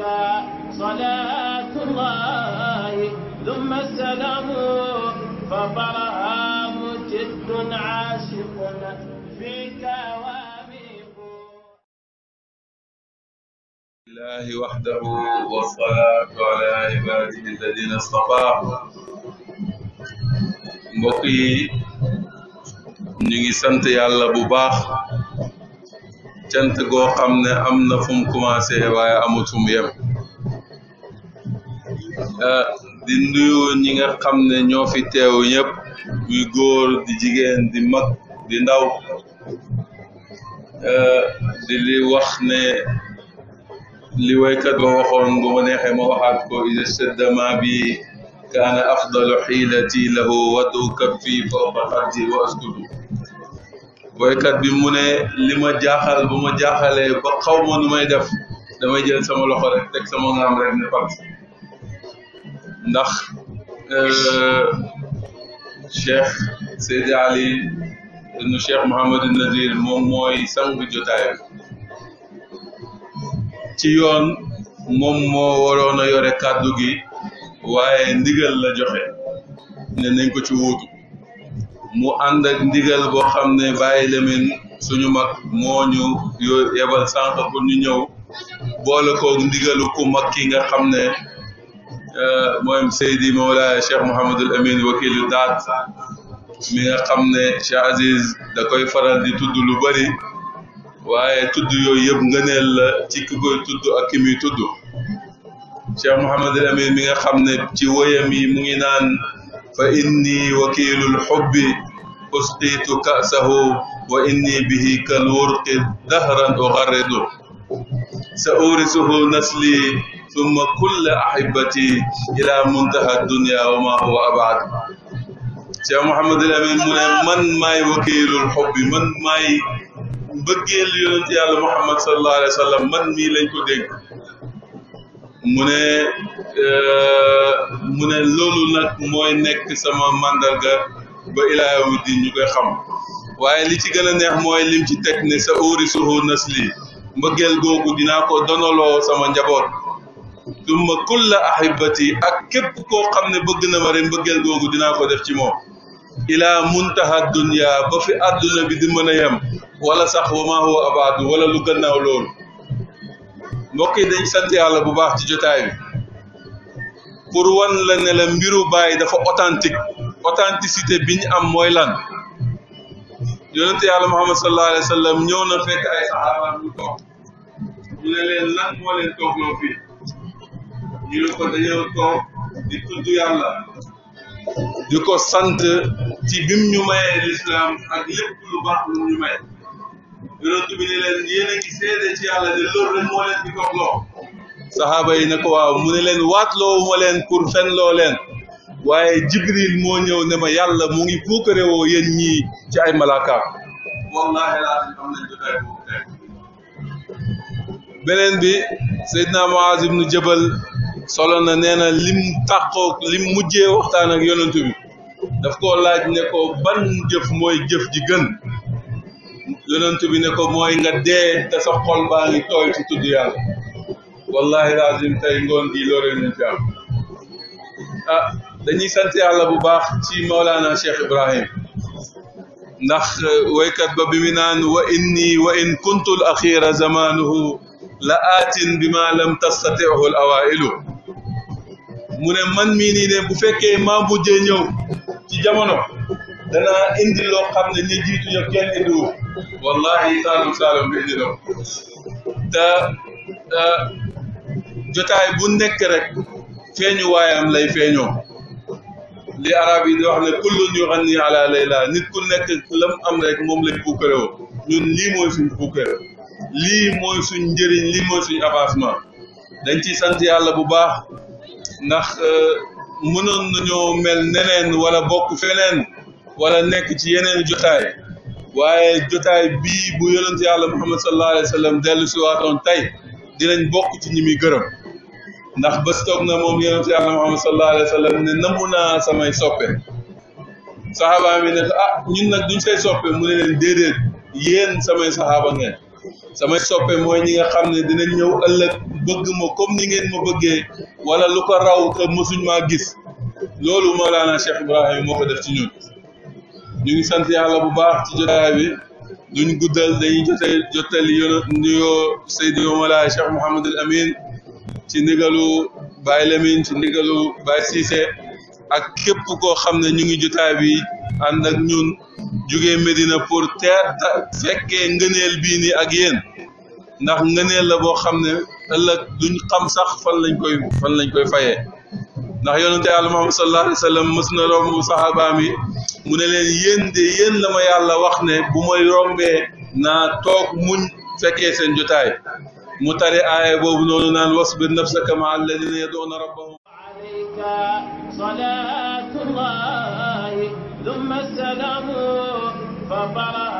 عليك صلاة الله ثم السلام فطرها مجد عاشق فيك واميق الله وحده والصلاة على عباده الذين اصطفاه mbokk yi ñu ngi sant yàlla bu baax cant goo xam ne am na fu mu commencé waaye amul fu mu euh, di nuyu ñi nga xam ne ñoo fi teewu ñëpp muy góor di jigéen di mag di ndaw euh, di li wax ne li waykat ba waxoon bu ma neexee waxaat ko ida seddama bi kaana afdalu xiilati lahu wadu kaffi fawqa xarji wa askutu woykat bi mu ne li ma jaaxal ba ma jaaxale ba xaw ma nu may def damay jël sama loxo rek teg sama ngaam rek ne pat ndax euh, cheikh Seydi Ali ibnu cheikh Mouhamadou Nazir moom mooy sangu jotaayam ci yoon moom moo waroon yore kàddu gi waaye ndigal la joxe ne nañ ko ci wuutu mu ànd ak ndigal boo xam ne bàyyi lemin suñu mag mooñu ñu yebal sànq pour ñu ñëw boole ko ndigalu ku mag ki nga xam ne euh, mooy Seydi Mawlaaya Cheikh Mouhamadul Amin wakilu daat mi nga xam ne Cheikh Aziz da koy faral di tudd lu bari waaye tudd yooyu yëpp ngëneel la ci ki koy tudd ak ki muy tudd Cheikh Mouhamadul Amin mi nga xam ci woyam yi mu ngi naan fa inni wakiilul xubbi usqiitu ka'sahu wa inni bihi kal wurqi dahran ugarridu sa'urisuhu nasli summa kulla ahibbati ila muntaha dunya wa ma huwa abad Cheikh Mouhamadul Amin mu ne man maay wakiilul xubbi man maay mbëggeel yonent yàlla Muhammad sallallahu alayhi wa sallam man mii lañ ko dégg mu ne euh, mu ne loolu nag mooy nekk sama màndarga ba ilaayawu di ñu koy xam waaye li ci gën a neex mooy lim ci teg ne sa óori suhu nasli mbëggeel googu dinaa ko donaloo sama njaboot tumma kulla ahibati ak képp koo xam ne bëgg na ma mbëggeel googu dinaa ko def ci moom ilaa muntaha dunya ba fi àdduna bi di mën a yem wala sax wa maa huwa abaadu wala lu gannaaw loolu mbokk yi sant yàlla bu baax ci jotaay bi pour wan la ne la mbiru Baye dafa authentique authenticité bi ñu am mooy lan yonente yàlla Muhammad sallallahu alayhi wa sallam ñëw na fekk ay saxaabaam ñu toog ñu ne leen lan moo leen toogloo fii ñu ne ko dañoo toog di tudd yàlla di ko sant ci bim ñu mayee lislaam ak lépp lu baax lu ñu may yonente bi ne leen yéen ngi seede ci yàlla de loolu rek moo leen di toogloo saxaaba yi ne ko waaw mu ne leen waatloowu leen pour fen loo leen waaye jibril moo ñëw ne ma yàlla mu ngi puukare woo yéen ci ay malaakaam wallaahi beneen bi Seydina Muaz ibnu jëbal solo na neena na lim tàqoog lim mujjee waxtaan ak yonentu bi daf koo laaj ne ko ban jëf mooy jëf ji gën yonentu bi ne ko mooy nga dee te sa xol baa ngi tooy ci tudd yàlla wallahi lazim tey ngoon gi loolee ñu ci am ah dañuy sant yàlla bu baax ci Maulana Cheikh Ibrahim ndax eh, waykat ba bi mu naan wa inni wa in kuntu l axira zamanuhu la aatin bi ma lam tastatihu l awailu mu ne man mii nii ne bu fekkee maa mujjee ñëw ci jamono danaa indi loo xam ne ñi jiitu yo kenn indiwu wallahi saalum saalum bi indi loo te eh, jotaay bu nekk rek feeñu waayam lay feeñoo li arab yi di wax ne kullun yuxanni ala layla nit ku nekk lam am rek moom lay puukkarewoo ñun lii mooy suñ puukkare lii mooy suñ njëriñ lii mooy suñ avancement dañ ciy sant yàlla bu baax ndax euh, mënoon nañoo mel neneen wala bokk feneen wala nekk ci yeneen jotaay waaye jotaay bii bu yonent yàlla muhammad sallallahu alayhi wa sallam dellu si waatoon tey dinañ bokk ci ñi muy gërëm ndax bés toog na moom yonent yàlla Muhammad sallallahu alayhi wa sallam ne nangu naa samay soppe saxaaba mi ne ah ñun nag duñ say soppe mu ne leen déedéet yéen samay saxaaba ngeen samay soppe mooy ñi nga xam ne dinañ ñëw ëllëg bëgg ma comme ni ngeen ma bëggee wala lu ko raw te mësuñ maa gis loolu Mawlana Cheikh Ibrahima moo ko def ci ñun ñu ngi sant yàlla bu baax ci jotaay bi duñ guddal dañuy jote jottali yono nuyoo Seydi Mawlaana Cheikh Mouhamadul Amin ci ndigalu Baye Lamine ak képp koo xam ne ñu ngi jotaay bi ànd ak ñun jugee Medina pour teer fekkee ngëneel bii nii ak yéen ndax ngëneel la boo xam ne ëllëg duñ xam sax fan lañ koy fan lañ koy fayee ndax yonente Yàlla Muhammad sallallahu alayhi wa mu ne leen yéen de yéen la ma yàlla wax ne bu may rombee naa toog muñ fekkee seen jotaay mu tari aaya boobu noonu naan wasbir nafsaka maa alladina yaduuna rabbahum alayka salaatullahi thumma salaamu fa